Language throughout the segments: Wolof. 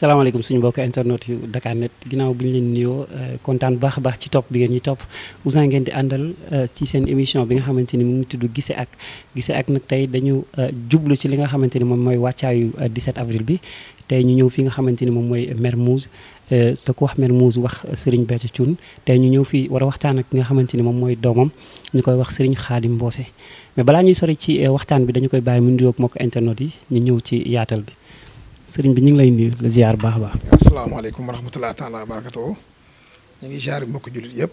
salaamaaleykum suñu mbokk internet yu Dakar Net ginnaaw bi ñu leen nuyoo euh, kontaan baax a baax ci topp bi ngeen ñuy topp Ouzin ngeen di àndal euh, ci seen émission bi nga xamante ni mu ngi tudd gise ak gise ak nag tey dañu euh, jublu ci li nga xamante ni moom mooy wàccaayu 17 avril bi tey ñu ñëw fii nga xamante ni moom mooy Mermoz te ku wax Mermoz wax Serigne Béthio Thioune tey ñu ñëw fii war a waxtaan ak ki nga xamante ni moom mooy doomam ñu koy wax Serigne Khadim mboose mais balaa ñuy sori ci waxtaan bi dañu koy bàyyi mu nuyoo mbokk yi ñu ñëw ci yaatal bi sëriñ bi ñu ngi lay nuyu la baax a baax. asalaamaaleykum wa rahmatulah taala wa barakatuh ñu ngi ziare mbokku jullit yëpp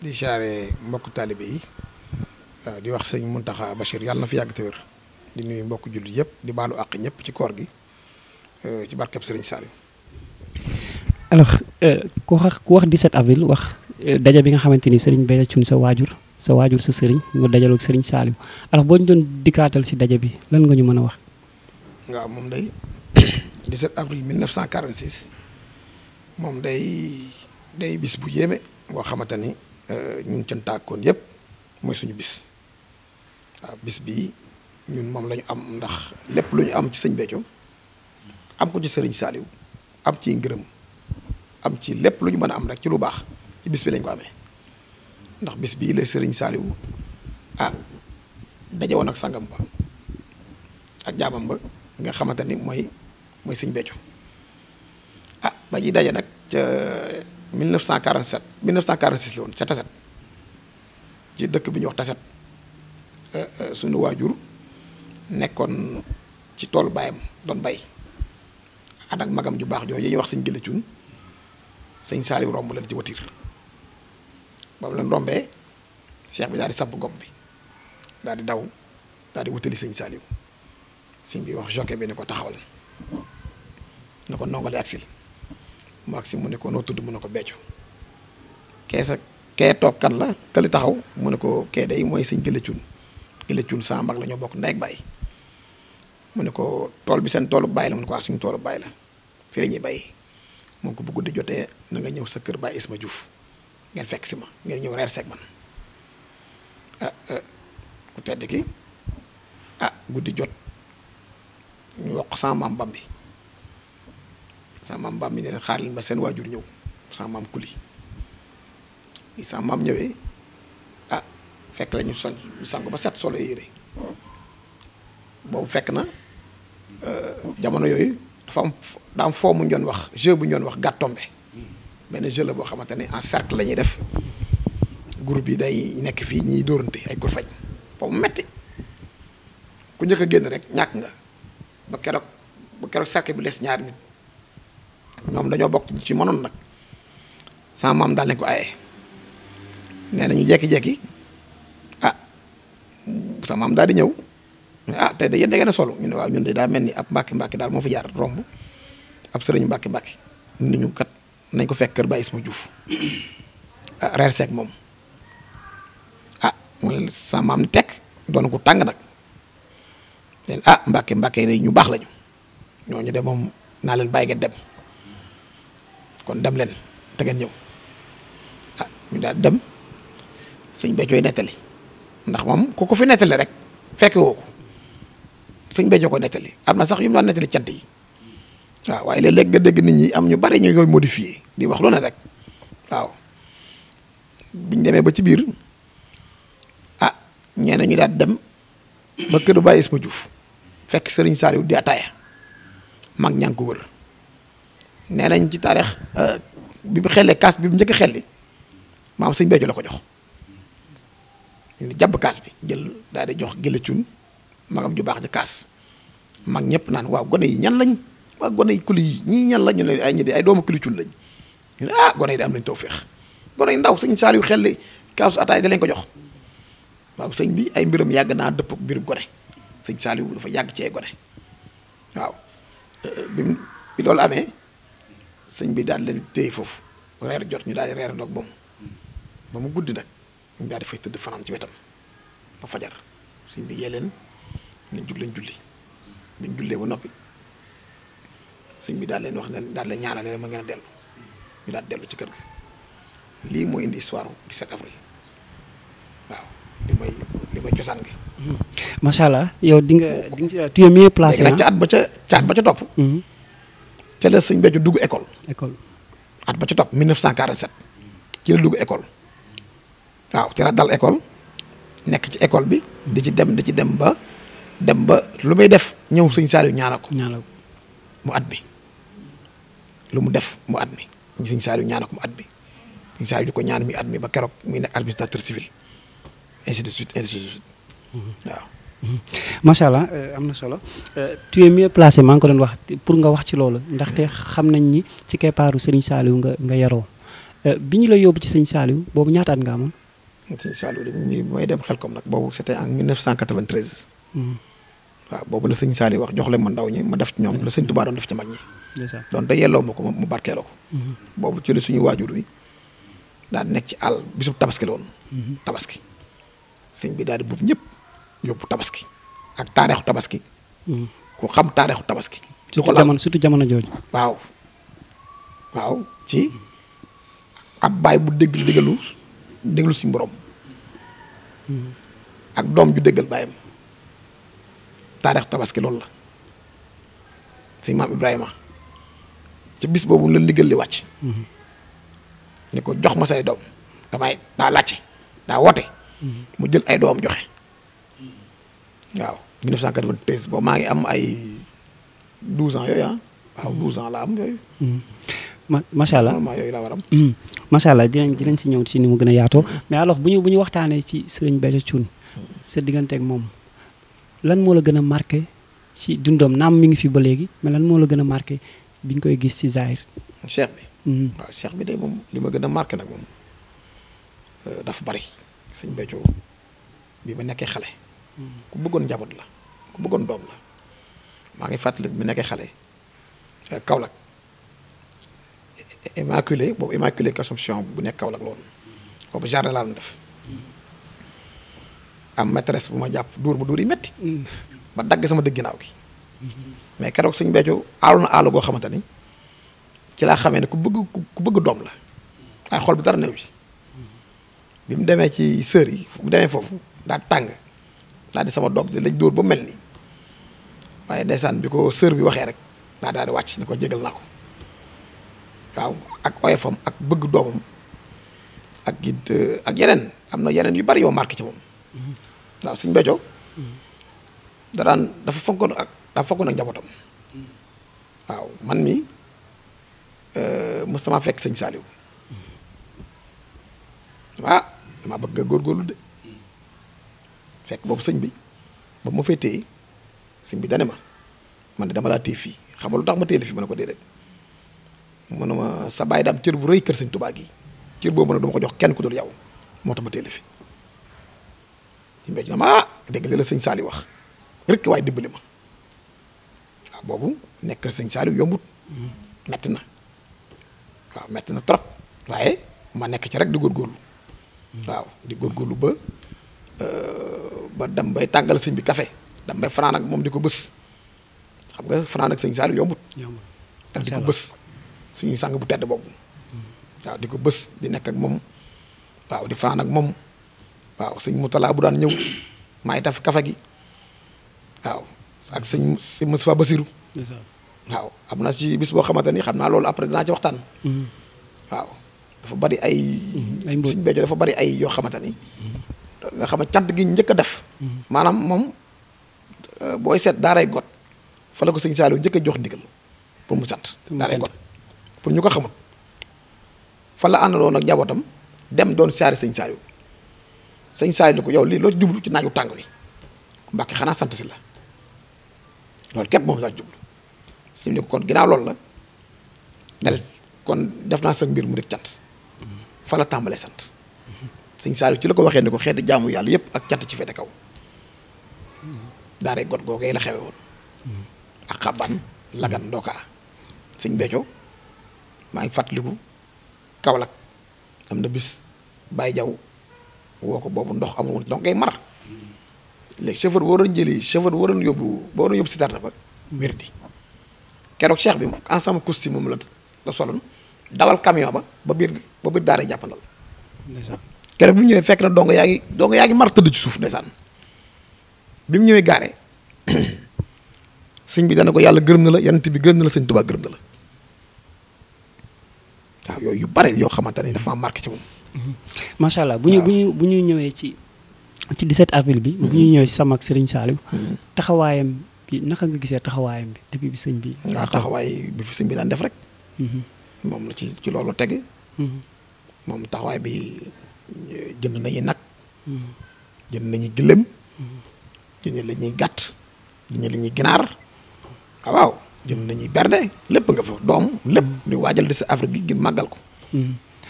di ziare mbokku taalibe yi di wax sëñ Mountakha Bachir yàlla na fi yàgg te di nuyu mbokku jullit yëpp di baalu àq ñëpp ci koor gi euh, ci barkeb sëriñ Saliou. alors euh, ku wax ku wax 17 avril wax euh, daja bi nga xamante ni sëriñ Béthio Thioune sa waajur sa waajur sa sëriñ nga dajaloo sëriñ Saliou alors boo ñu doon dikkaatal si daja bi lan nga ñu mën a wax. waaw moom day. 17 avril 1946 moom day day bis bu yéeme boo xamante ni euh, ñun cantaakoon yëpp mooy suñu bis waaw bis bii ñun moom lañu am ndax lépp lu ñu am ci sëñ Béthio am ko ci sëriñ Saliou am ci ngërëm am ci lépp lu ñu mën a am rek ci lu baax ci bis bi lañ ko amee ndax bis bii la sëriñ Saliou ah daje woon ak sangam ba ak jaamam ba nga xamante ni mooy. mooy sëñ Béthio a ah, ba ñuy daje nag ca 1947 euh, 1946 la woon ca Taset ci dëkk bi ñuy wax Taset euh, euh, suñu waajur nekkoon ci toolu baayam doon bay ànd ak magam ju baax jooju yi ñuy wax sëñ Gëlë Cuun sëñ Saaliw romb leen ci watiir ba mu leen rombee seex bi daal samp gopp bi daal di daw daal di wutali sëñ Saaliw sëñ bi wax jokke bi ne ko taxawal ne ko nongalee ak sil mu ak si mu ne ko noo tudd mu ne ko beccu kee sa kee toog kan la këli taxaw mu ne ko kee day mooy sëñ gële cun gële cun saa mag la bokk ndey ak bàyyi mu ne ko tool bi seen toolu bàyyi la mu ne ko ak ah suñu toolu bàyyi la fii la ñuy bàyyi mu ko guddi jotee na nga ñëw sa kër bàyyi Isma Diouf ngeen fekk si ma ngeen ñëw reer seeg man ah, ah ku ah, guddi jot ñu wax sama maam bam bi sama maam mbaam mi ne xaar ba seen waajur ñëw sama maam kuli bi sama maam ñëwee ah fekk lañu sang sangu ba set solo yére boobu fekk na euh, jamono yooyu dafa am daam foo mu ñoon wax jeu bu ñoon wax gàttombe benn jeu la boo xamante ne en cercle la ñuy def groupe yi day nekk fii ñiy dóorante ay kurfañ boobu metti ku njëkk a génn rek ñàkk nga ba keroog ba keroog cercle bi des ñaari nit ñoom dañoo bokk ci mënoon nag sama maam daal ne ko aye nee nañu jekki-jekki a ah, sama maam daal di ñëw ah tey de yéen da ngeen a solo ñu ne waaw ñun de daa mel ni ab mbàkki mbàkki daal moo fi jaar romb ab sëriñu mbàkki mbàkki nañ ko fekk kër Baye Isma Diouf ah, moom a ah, mooy sama maam ni tekk doon ko tàng nag leen ah mbàkki mbàkki yi ñu baax lañu ñooñu de moom naa leen bàyyi ngeen dem. kon dem leen te ñëw ah ñu daal dem sëñ Béthio nettali ndax moom ku ko fi nettali rek fekke woo ko sëñ Béthio ko nettali am na sax yu mu daan nettali cant yi waaw waaye léeg-léeg nga dégg nit ñi am ñu bari ñu koy modifié di wax lu ne rek waaw buñ demee ba ci biir ah ñeneen ñu daal dem ba kër Baye Isma Diouf fekk Serigne Saliou di ataaya mag ñaa ko wër. nee nañ ci taarix euh, bi mu xellee kaas bi mu njëkk a xelli maam sëñ Béthio la ko jox jàpp kaas bi jël daal di jox gëla cun magam ju baax ja kaas mag ñëpp naan waaw gone yi ñan lañ waaw gone yi kuli yi ñii ñan lañ ñu ne ay ñi ay doomu kuli cun lañ ñu ne ah gone yi da am nañ tawféex gone yi ndaw sëñ saar yu xelli kaasu ataay da ko jox waaw sëñ bi ay mbiram yàgg naa dëpp mbiru gone sëñ Saliou dafa yàgg cee gone waaw euh, bi loolu amee sëñ bi daal leen téye foofu reer jot ñu daal di reer doog ba mu ba mu guddi nag ñu daal di fay tëdd fanaan ci wetam ba fajar sëñ bi yee leen nañ julli biñ jullee ba noppi sëñ bi daal leen wax ne daal leen ñaanal leen ma ngeen a dellu ñu daal dellu ci kër gi lii mooy indi histoire du 17 avril waaw li may cosaan gi. Hmm. macha allah yow di nga di nga ci tuye ca at ba ca ca ba ca topp. Hmm. ca la sëñ Béthio dugg école. école at ba ci topp 1947 ci la dugg école waaw ci la dal école nekk ci école bi di ci dem di ci dem ba dem ba lu muy def ñëw sëñ Saliou ñaanal ko. ñaanal mu at bi lu mu def mu at mi sëñ Saliou ñaanal ko mu at bi sëñ Saliou di ko ñaan muy at bi ba keroog muy nekk administrateur civil ainsi de suite ainsi de suite mhm. waaw. Mhm. macha allah euh, am na solo euh, tu es mieux placé maa ngi ko doon wax pour nga wax ci loolu ndaxte xam nañ ni ci keppaaru Serigne saaliw nga nga yaroo euh, bi ñu la yóbbu ci sëñ Saliou boobu ñaataat nga amoon. sëñ Saliou dañuy mooy dem xel comme nag boobu c'était en 1993. Mhm. waaw boobu la sëñ Saliou wax jox leen ma ndaw ñi ma def ci ñoom mhm. la sëñ Touba doon def ci mag ñi. donc da yelloo ma ko mu barkeeloo ko. boobu ci la suñu waajur wi daan nekk ci àll bisub tabaski la woon. tabaski sëñ bi daal di ñëpp. yóbbu tabaski ak taarixu tabaski. Hmm. ku xam taarixu tabaski. lu ko jamono surtout jamono jooju. waaw waaw ci ab baay bu dégg déggalu déglu si borom. Hmm. ak doom ju déggal baayam taarixu tabaski loolu la si maam Ibrahima ci bis boobu la ndigal li wàcc. Hmm. ni ko jox ma say doom damay daa laajte daa woote. mu jël ay doom joxe. waaw 1993 boobu maa ngi am ay 12 ans yooyu ah waaw hmm. ans laa am yooyu. Hmm. macha allah normalement yooyu laa war a am. Hmm. macha allah dinañ dinañ si ñëw si ni mu gën a yaatoo mais alors bu ñu bu ñu waxtaanee si Serigne Béthio Thioune sa digganteeg moom lan moo la gën a marqué ci dundam naam mi ngi fi ba léegi mais lan moo la gën a marqué biñ koy gis si Zahir. cheikh bi. waaw cheikh bi de moom li ma gën a marqué nag moom euh, dafa bari sëñ Béthio bi ma nekkee xale. ku bëggoon njaboot la ku bëggoon doom la maa ngi fàttali bi nekkee xale eh, Kaolack immaculé boobu immaculé conception bu nekk Kaolack loolu boobu jardin laa doon def am maîtresse bu ma jàpp dóor ma dóor yi metti mm. ba dagg sama dëgg ginaaw gi mais keroog suñ beccu aalu na aalu goo xamante ni ci laa xamee ne ku bëgg ku bëgg doom la waaye xol bi dara néew bi bi mu demee ci sër yi mu demee foofu daa tàng daa di sama doom di lañ dóor ba mel ni waaye ndeysaan bi ko sër bi waxee rek daa daal di wàcc ni ko jégal naa ko waaw ak oyofam ak bëgg doomam ak it euh, ak yeneen am na yeneen yu bari yoo marqué ci moom waaw suñ béjoo da daan dafa fonkoon ak njabootam waaw man mi euh, mos sama fekk sëñ Saaliw ah dama bëgg nga góorgóorlu de fekk boobu sëñ bi ba ma fay téye sëñ bi dane ma man de dama laa téye fii xam nga lu tax ma téye la fii ma ne ko déedéet mu ne ma sa baay daam bu rëy kër sëñ Tuubaa gi boobu nag du ko jox kenn ku dul yow moo tax ma téye la fi ci mbéy ah dégg la sëñ Saliou wax rek waaye dimbali ma waaw boobu nekk sëñ Saliou yombut metti na waaw metti na trop waaye ma nekk ci rek di góorgóorlu hmm. waaw di góorgóorlu ba. Euh, ba dam bay tàggal sëñ bi kafe dam bay fanaan ak moom di ko bës xam nga fanaan ak sëñ Saliou yombut. yombut ak di ko bës suñuy sang bu tedd boobu. Hmm. waaw di ko bës di nekk ak moom waaw di fanaan ak moom waaw sëñ Moutala bu daan ñëw maay taf café gi waaw ak sëñ sëñ Moustapha Bassirou. waaw am na ci bis boo xamante ni xam naa loolu après dinaa ci waxtaan. Hmm. waaw dafa bari ay. Hmm. ay suñu béykat dafa bari ay yoo xamante ni. nga xam ne cant gi njëkk def. maanaam moom euh, booy seet daaray got fa la ko sëñ Saliou njëkk a jox ndigal pour mu sant. daaray got pour ñu ko xamul. fa la àndaloon nag jabootam dem doon siyaare sëñ Saliou sëñ Saliou ni ko yow lii loo jublu ci naaju tàng wi Mbàkke xanaa sant si la loolu képp moom laa jublu si ni ko kon ginnaaw loolu la. dal kon def naa sa mbir mu dëkk cant. Mm-hmm. fa la tàmbalee sant. sëñ Saliou ci la ko waxee ne ko xeeti jaamu yàlla yëpp ak cant ci fete kaw daaree got googee la xewe woon ak xaban lagan ndokaa sëñ Béthio maa ngi fàttaliku Kaolack am na bis Baye Diaw woo ko boobu ndox amul woon ndox ngay mar léegi chauffeur boo doon jëli chauffeur boo doon yóbbu boo doon yóbbu si tarta ba wér di keroog cheikh bi ensemble costume moom la la soloon dawal camion ba ba biir ba biir daaree jàppandal keroog bi mu ñëwee fekk na dong yaa ngi dong yaa ngi mar tëdd ci suuf ndeysaan bi mu ñëwee gaare sëñ bi dana ko yàlla gërëm na la yant bi gërëm na la sëñ Tuubaa gërëm na la waaw yooyu yu bare yoo xamante ne dafa marqué ci moom. Mm-hmm. macha allah bu ñu bu ñu bu ñuy ñëwee ci ci 17 avril bi. bu ñuy mm-hmm. ñëwee ci sama ak Serigne Saliou. Mm-hmm. taxawaayam bi naka nga gisee taxawaayam bi depuis bi sëñ bi. waaw taxawaay bi fi sëñ bi daan def rek. moom la ci ci loolu tege. moom taxawaay bi jënd nañu nag jënd nañu gëlëm jënd lañuy gàtt jënd lañuy ginaar ah waaw jënd nañuy berne lépp nga fa doom lépp di waajal di sa Afrique gi ngir màggal ko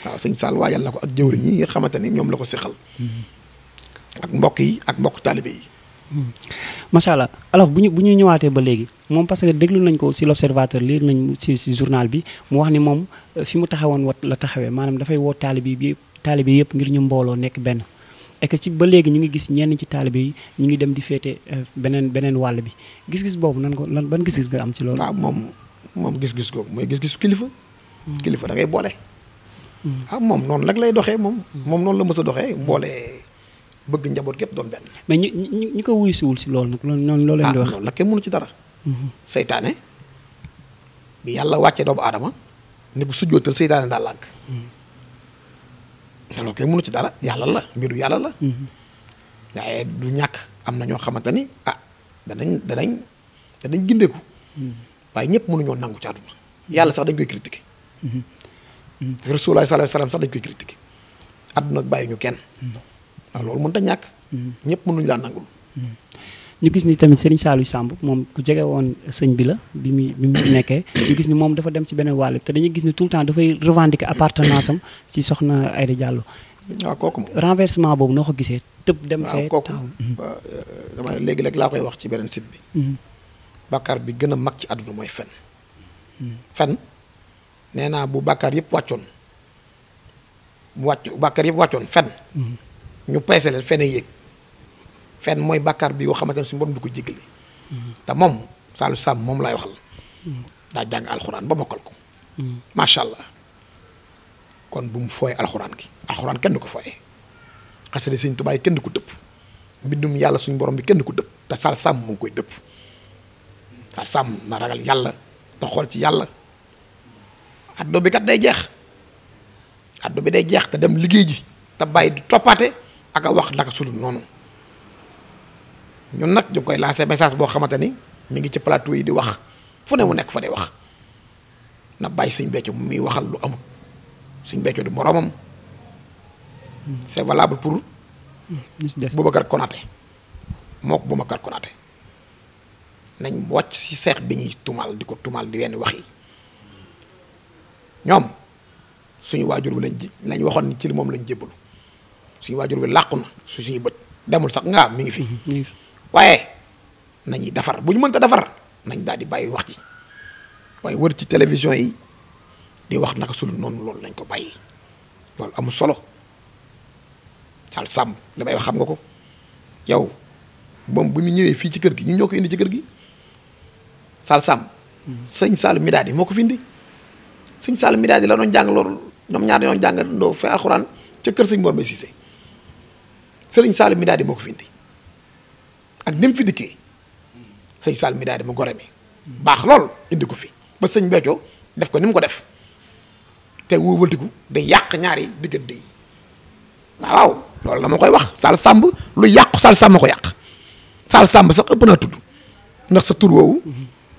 waaw sëñ Saal waajal na ko ak jëwriñ yi nga xamante ni ñoom la ko seqal ak mbokk yi ak mbokk taalibe yi macha allah alors bu ñu bu ñu ñëwaatee ba léegi moom parce que déglu nañ ko si l'observateur liir nañ si si journal bi mu wax ni moom euh, fi mu taxawoon wat la taxawee maanaam dafay woo taalibe bii taalibe yëpp ngir ñu mbooloo nekk benn et que ci ba léegi ñu ngi gis ñenn ci taalibe yi ñu ngi dem di féete euh, beneen beneen wàll bi gis-gis boobu nan ko lan ban gis-gis nga am ci loolu. waaw ah, moom moom gis-gis googu mooy gis-gis kilifa. Hmm. kilifa da boole. Hmm. ah moom noonu nag lay doxee moom. Hmm. moom noonu la mës a doxee boole bëgg njaboot képp doon benn. mais ñi ñi ko wuyusiwul si loolu nag loolu loolu leen ah, di wax. ah non nag kenn mënu ci dara. seytaane bi yàlla wàccee doomu aadama ne ko sujjootal daal lànk loolu kay mënu ci dara yàlla la mbiru yàlla la. Mm-hmm. waaye du ñàkk am na ñoo xamante ni ah danañ danañ danañ gindeeku. Mm-hmm. waaye ñëpp mënuñoo nangu ci àdduna. yàlla sax dañ koy critiquer. Mm-hmm. Rasulullah sallallahu alayhi sax dañ koy critiquer. àdduna bàyyi ñu kenn. loolu mënut a ñàkk. ñëpp mënuñ laa nangul. ñu gis ni tamit Serigne Saliou Samb moom ku jege woon sëñ bi la bi muy bi muy nekkee ñu gis ni moom dafa dem ci beneen wàll te dañuy gis ni tout le temps dafay revendiquer appartenance am si soxna Aïda Diallo. waaw ah, kooku moom renversement boobu noo ko gisee. tëb dem fee ah, kooku ah, dama léegi léeg laa koy wax ci beneen site bi. Mm-hmm. Bakkaar bi gën a mag ci àdduna mooy fen. Mm-hmm. fen nee naa bu Bakkaar yëpp wàccoon wàcc Bakkaar yëpp wàccoon fen. Mm-hmm. ñu peese leen fen yéeg. fen mooy bàkkaar bi yoo xamante ne suñu borom du ko jéggale te moom Saliou Samb moom laay waxal daa jàng alxuraan ba mokkal ko macha allah kon bu mu fooyee alxuraan gi alxuraan kenn du ko fooyee xasida sëñ Tuubaa yi kenn du ko dëpp mbindum yàlla suñu borom bi kenn du ko dëpp te Saliou Samb mu ngi koy dëpp Saliou Samb na ragal yàlla te xool ci yàlla addo bi kat day jeex addo bi day jeex te dem liggéey ji te bàyyi di toppaate ak a wax naka sudul noonu ñun nag ñu koy lancé message boo xamante ni mu ngi ci plateau yi di wax fu ne mu nekk fa day wax na bàyyi suñ beccu muy waxal lu amul suñ beccu di moroomam c'est valable pour Boubacar Konaté mook bu Boubacar Konaté nañ wàcc si seex bi ñuy tumal di ko tumal di wenn wax yi ñoom suñu waajur bi lañ ji lañ waxoon ni ci li moom lañ jébbalu suñu waajur bi làqu na su suñu bët demul sax nga mi ngi fi mmh, waaye nañuy defar bu ñu mënta defar nañ daal di bàyyi wax ji waaye wër ci télévision yi di wax naka sulu noonu loolu lañ ko bàyyi loolu amul solo sal sàmm li may wax xam nga ko yow moom bu mu ñëwee fii ci kër gi ñu ñoo ko indi ci kër gi sal sàmm sëñ Sall midaadi yi moo ko fi indi sëñ Sall midaadi la doon jàng loolu ñoom ñaar doon jàng ndoo fi alxuraan ca kër sëñ Mbombe Cissé sëriñ Sall midaadi moo ko fi indi ak ni fi dikkee sëñ Sall mi daal di mu gore mi baax lool indi ko fi ba sëñ Béthio def ko ni mu ko def te wóobaltiku day yàq ñaari diggante yi waaw loolu dama koy wax Sall sàmb lu yàqu Sall Samb ko yàq Sall Samb sax ëpp naa tudd ndax sa tur woowu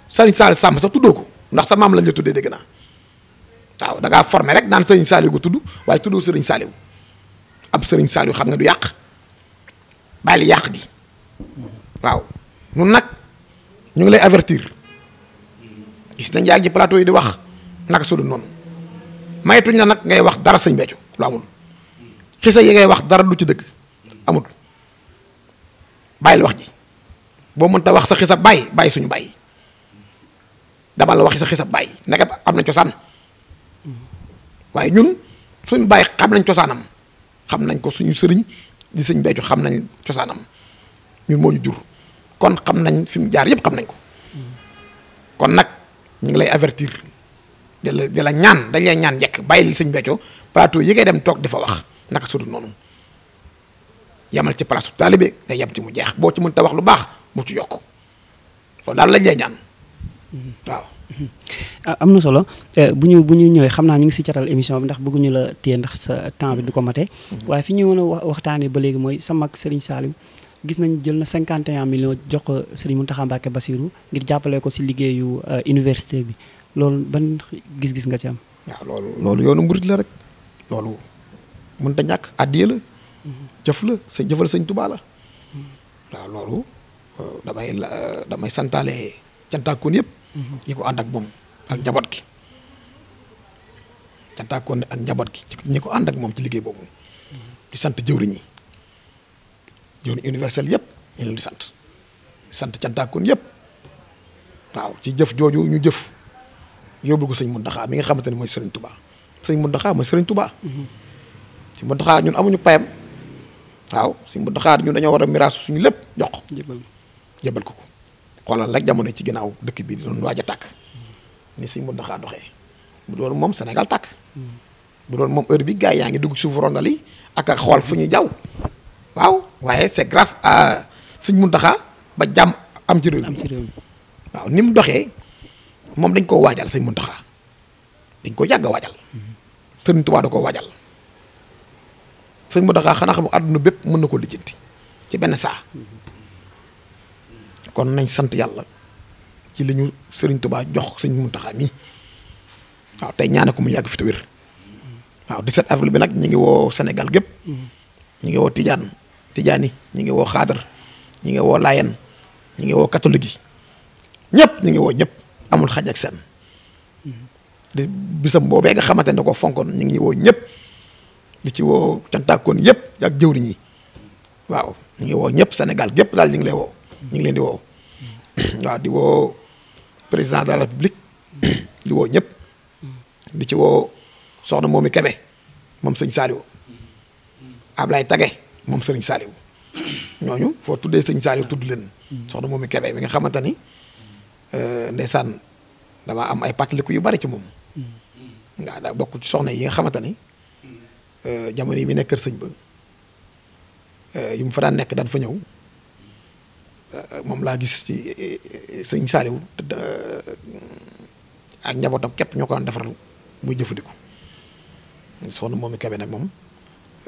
sëñ Sall Samb sax tuddoo ko ndax sa maam lañ la tuddee dégg naa waaw da ngaa formé rek naan sëriñ Saliou ko tudd waaye tuddoo sëriñ Saliou ab sëriñ Saliou xam nga du yàq bàyyi yàq gi. waaw ñun nag ñu ngi lay avertir gis nañ yaa ngi ci yi di wax naka su dul noonu maytuñ la nag ngay wax dara sëñ Béthio lu amul xisa yi ngay wax dara du ci dëgg amul bàyyil wax ji boo mënta wax sa xisa bàyyi bàyyi suñu bàyyi dama la wax sa xisa bàyyi naka am na cosaan waaye ñun suñu bàyyi xam nañ cosaanam xam nañ ko suñu sëriñ di sëñ Béthio xam nañ cosaanam ñun moo ñu jur kon xam nañ fi mu jaar yëpp xam nañ ko kon nag ñu ngi lay avertir di la di ñaan dañ lay ñaan njëkk bàyyi li sëñ Béthio plateau yi ngay dem toog di wax naka su noonu yamal ci place taalibe nga yem ci mu jeex boo ci mën ta wax lu baax mu ci yokk loolu daal lañ lay ñaan waaw. Ah, am na solo eh, bu ñu bu ñu ñëwee xam naa ñu ngi si catal émission bi ndax bëgguñu la téye ndax sa temps bi du ko mate. Mm-hmm. waaye fi ñu mën a waxtaanee ba léegi mooy sa mag Serigne Saliou gis nañ jël na 51 millions jox ko Serigne Mountakha Mbacké Bassirou ngir jàppalee ko si liggéeyu euh, université bi loolu ban gis-gis nga ci am. waaw loolu loolu yoonu murit la ñàkk addiya la. jëf la sa jëfal sëñ Tuubaa la. waaw loolu euh, damay euh, damay santaale cantaakoon yëpp. yi mhm. ko ànd ak moom ak njaboot gi. cantaakoon ak njaboot gi ñi ko ànd ak moom ci liggéey boobu. Mhm. di sant jëwriñ yoonu universel yëpp ñu leen sant sant cantaakoon yëpp waaw ci jëf jooju ñu jëf yóbbu ko sëñ Muntaxa mi nga xamante ne mooy sëriñ Tubaa sëñ Muntaxa mooy sëriñ Tubaa mhm. sëñ Muntaxa ñun amuñu payam waaw sëñ Muntaxa ñun dañoo war a miraas suñu lépp jox ko jëbal ko ko xoolal rek jamono ci ginnaaw dëkk bii di doon waaj a tàkk ni sëñ Muntaxa doxee bu doon moom senegal tàkk mhm. bu doon moom heure bi gars yaa ngi dugg suuf rongal yi ak xool fu ñuy jaw waaye c'est grâce à sëñ Mountakha ba jàmm am ci réew mi waaw ni mu doxee moom dañ koo waajal sëñ Mountakha dañ koo yàgg a waajal sëriñ Tuubaa da koo waajal sëñ Mountakha xanaa xam àdduna bépp mën na ko lijjanti ci benn saa kon nañ sant yàlla ci li ñu sëriñ Tuubaa jox sëñ Mountakha mi waaw tey ñaane ko mu yàgg fi te wér waaw 17 bi nag ñu ngi woo senegal gépp mm-hmm. ñu ngi woo Tidiane tijaani ñi ngi woo xaadar ñi ngi woo layen ñi ngi woo catholique yi ñëpp ñi ngi woo ñëpp amul xaj ak seen di bisam boobee nga xamante ne ko fonkoon ñu ngi woo ñëpp di ci woo cantaakoon yëpp ak jëwriñ yi waaw ñu ngi woo ñëpp Sénégal gépp daal ñu ngi lay woo ñu ngi leen di woo waaw di woo président de la république di woo ñëpp di ci woo soxna moom moomi Kébé moom sëñ Saliou Ablaye Tage moom sëriñ Saliou ñooñu foo tuddee sëñ Saliou tudd leen soxna moom i kebe bi nga xamante ni euh, ndeysaan dama am ay pàttaliku yu bari ci moom nga daa bokk ci soxna yi nga xamante ni euh, jamono yi mi nekk kër sëñ ba euh, yu mu fa daan nekk daan fa ñëw moom laa gis ci sëñ Saliou ak njabootam képp ñoo ko daan defaralu muy jëfandiku soxna moom mi kebe nag moom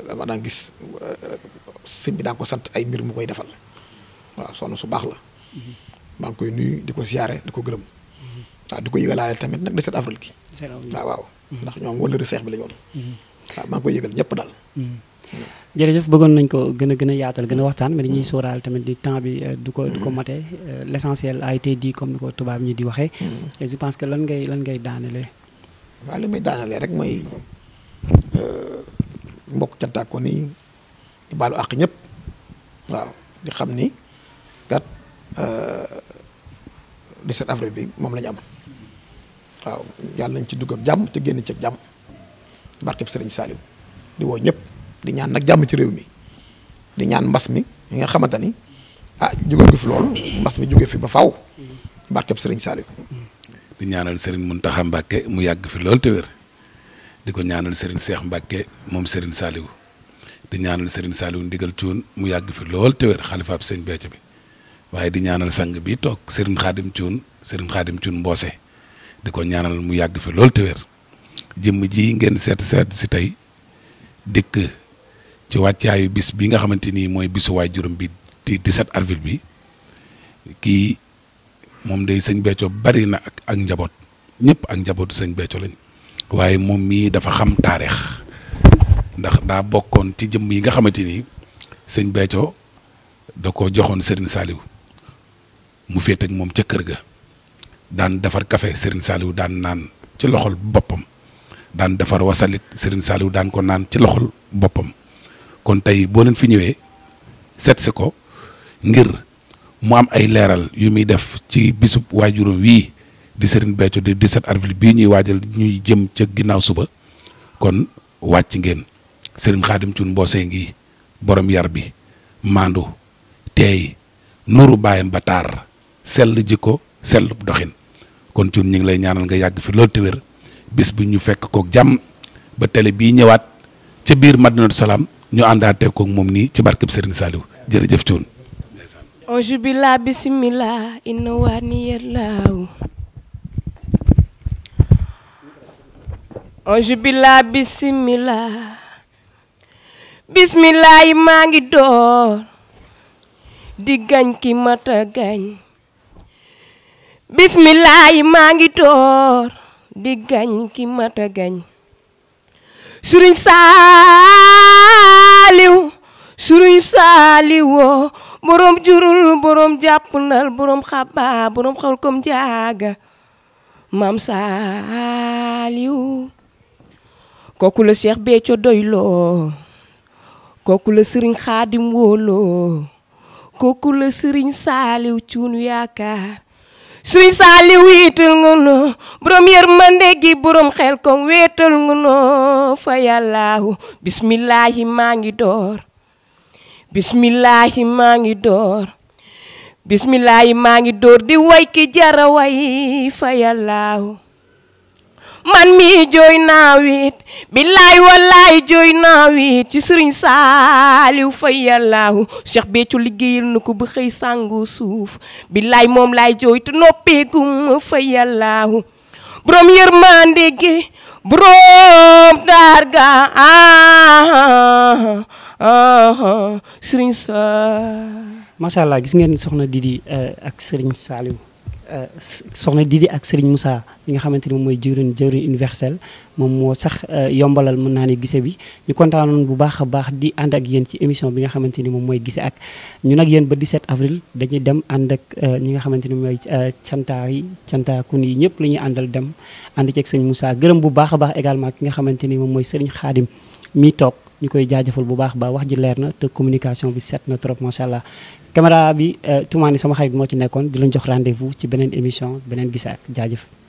dama daan gis euh, sëñ bi daan ko sant ay mbir mu koy defal waaw soxna su baax la mm-hmm. maa ngi koy nuyu di ko siyaare di ko gërëm mm-hmm. waaw di ko yëgalaale tamit nag 17 avril gi waaw waaw mm-hmm. ndax ñoom wëllëri seex bi la ñu woon waaw maa ngi koy yëgal daal jërëjëf bëggoon nañ ko gën a gën a yaatal gën a waxtaan mais ñuy sóoraal tamit di temps bi euh, du ko du ko mate euh, l' ay a été comme ni ko tubaab ñi di waxee je pense que lan ngay lan ngay daanelee waaw li may daanelee rek mooy mbokk cantaako nii di baalu àq ñëpp waaw di xam ni kat 17 euh, avril bi moom la am waaw yàlla nañ ci dugg ak jàmm te génn ci jàmm barkeb Sëriñ Saliou di woo ñëpp di ñaan nag jàmm ci réew mi di ñaan mbas mi yi nga xamante ni ah jóge fi loolu mbas mi jóge fi ba faaw barkeb Sëriñ Saliou di ñaanal Serigne Mountakha Mbacké mu yàgg fi lool te wér. di ko ñaanal Serigne seex Mbacke moom Serigne Saliou di ñaanal Serigne Saliou ndigal cuun mu yàgg fi lool te wér xalifaab sëñ Béthio bi waaye di ñaanal sang bi toog Serigne Khadim cuun Serigne Khadim cuun Mboose di ko ñaanal mu yàgg fi lool te wér jëmm ji ngeen seet seet si tey dikk ci wàccaayu bis bi nga xamante ni mooy bisu waajuram bi di set avril bi kii moom de sëñ Béthio bari na ak ak njaboot ñëpp ak njabootu sëñ Béthio lañ waaye moom mii dafa xam taarix ndax daa bokkoon ci jëmm yi nga xamante ni sëñ Béthio da ko joxoon Serigne saaliw mu féet ak moom ca kër ga daan defar kafe Serigne Saliou daan naan ci loxol boppam daan defar wasalit Serigne Saliou daan ko naan ci loxol boppam kon tey boo leen fi ñëwee seet si ko ngir mu am ay leeral yu muy def ci bisub waajuram wii di Serigne Béthio di 17 avril bii ñuy waajal ñuy jëm ca ginnaaw suba kon wàcc ngeen Serigne Khadim Thioune Mbose ngi borom yar bi maandu teey nuru baayam ba taar sell jikko sell doxin kon Thioune ñu ngi lay ñaanal nga yàgg fi loolu te wér bis bi ñu fekk kook jàmm ba télé bii ñëwaat ca biir Madinatu Salaam ñu ànd àndaatee kook moom nii ci barkeb Serigne saliw jërëjëf Thioune. auzu billah bismillah inna waani yallaahu ange billah bismillah bismillah yi maa ngi door di gañ ki mata gañ bismillah yi maa ngi door di gañ ki mata gañ suriñ saaliw suriñ saaliwoo borom jurul borom jàppnal borom xaba borom xol kom jaaga maam saaliw kooku la Cheikh Béthio doyloo kooku la Serigne Khadim wóoloo kooku la Serigne Saliou cuunu yaakaar suñ saali wiital nga no borom yërmande gi borom xel kom wéetal nga no fa yàllaahu bismillahi maa ngi door bismillahi maa ngi door maa ngi di way ki jara way fa yàllaahu man mi jooy naa billaay wallaay jooy naa ci sëriñ saaliw fay yàllaahu Cheikh Béthio liggéeyal na ko ba xëy sàngu suuf billaay moom laay jooy te noppeegum fay yàllaahu boroom yërmande gi boroom darga ah, ah, ah, soxna Didi eh, ak sëriñ saaliw Euh, soxna Didi ak Serigne Moussa mi nga xamante ni moom mooy jëwriñ jëwriñ universel moom moo sax euh, yombalal mën naa ne gise bi ñu kontaanoon bu baax a baax di ànd ak yéen ci émission bi nga xamante ni moom mooy gise ak ñu ak yéen ba di 17 avril dañuy dem ànd ak euh, ñi nga xamante ni mooy cantaa yi cantaakun yi ñëpp la ñuy àndal dem ànd ceeg Serigne Moussa gërëm bu baax a baax également ki nga xamante ni moom mooy Serigne Khadim mi toog ñu koy jaajëfal bu baax ba wax ji leer na te communication bi set na trop macha allah caméra bi euh, Toumani sama xarit moo ci nekkoon di leen jox rendez-vous ci beneen émission beneen gisaak jaajëf.